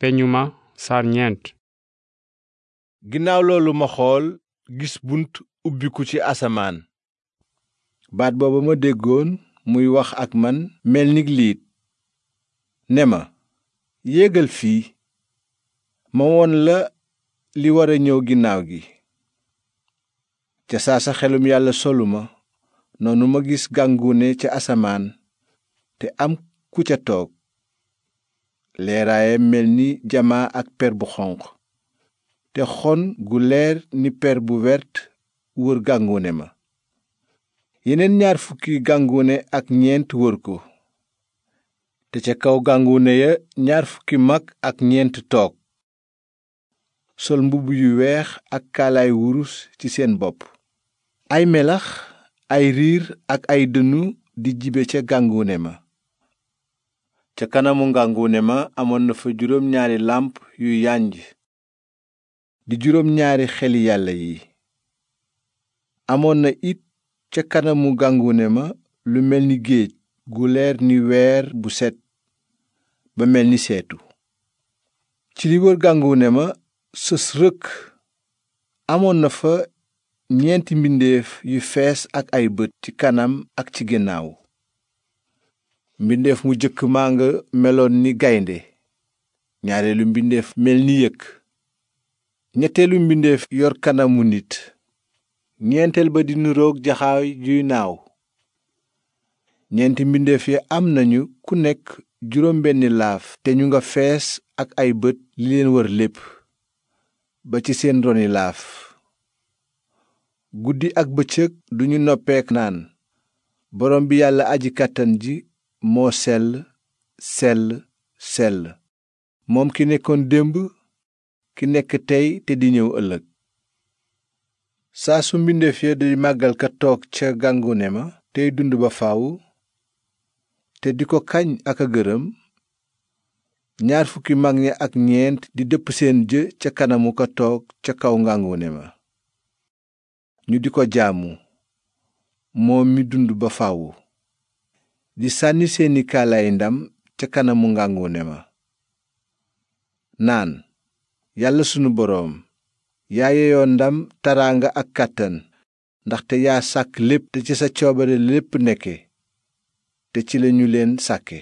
peñuma saar ñeent ginnaaw loolu ma xool gis bunt ubbiku ci asamaan baat booba ma déggoon muy wax ak man mel ni liit ne ma yéegal fii ma won la li wara a ñëw ginnaaw gi ca saa sa xelum yàlla solu ma noonu ma gis gàngune ca asamaan te am ku ca toog leeraayam mel ni jamaa ak per bu xonq te xon gu leer ni per bu wert wër gàngune ma yeneen ñaar fukki gàngune ak ñeent wër ko te ca kaw gàngune ya ñaar fukki mag ak ñeent toog sol mbubb yu weex ak kaalaay wurus ci seen bopp ay melax ay riir ak ay dënnu di jibe ca gàngune ma ca kanamu ngànguune ma amoon na fa juróom ñaari làmp yu yànj di juróom ñaari xeli yàlla yi amoon na it ca kanamu ngànguune ma lu mel ni géej gu leer ni weer bu set ba mel ni seetu ci li wër ngànguune ma sës rëkk amoon na fa ñeenti mbindeef yu fees ak ay bët ci kanam ak ci ginnaaw mbindeef mu jëkk maa nga meloon ni gaynde ñaareelu mbindeef mel ni yëkk ñetteelu mbindeef yor kanamu nit ñeenteel ba di nuroog jaxaay juy naaw ñeenti mbindeef yi am nañu ku nekk juróom benni laaf te ñu nga fees ak ay bët li leen wër lépp ba ci seen roni laaf guddi ak bëccëg duñu noppeek naan borom bi yàlla aji kàttan ji moo sell sell moom ki nekkoon démb ki nekk tey te di ñëw ëllëg saa su mbindeef ya di màggal ka toog ca gàngune ma tey dund ba faw te di ko kañ ak a gërëm ñaar fukki mag ña ak ñeent di dëpp seen jë ca kanamu ka toog ca kaw ngàngune ma ñu di ko jaamu moom mi dund ba faw di sànni seeni kaalaay ndam ca kanamu ngànguune ma naan yàlla sunu boroom yaa yeyoo ndam taraanga ak kàttan ndaxte yaa sàkk lépp te ci sa coobare lépp nekke te ci lañu leen sàkke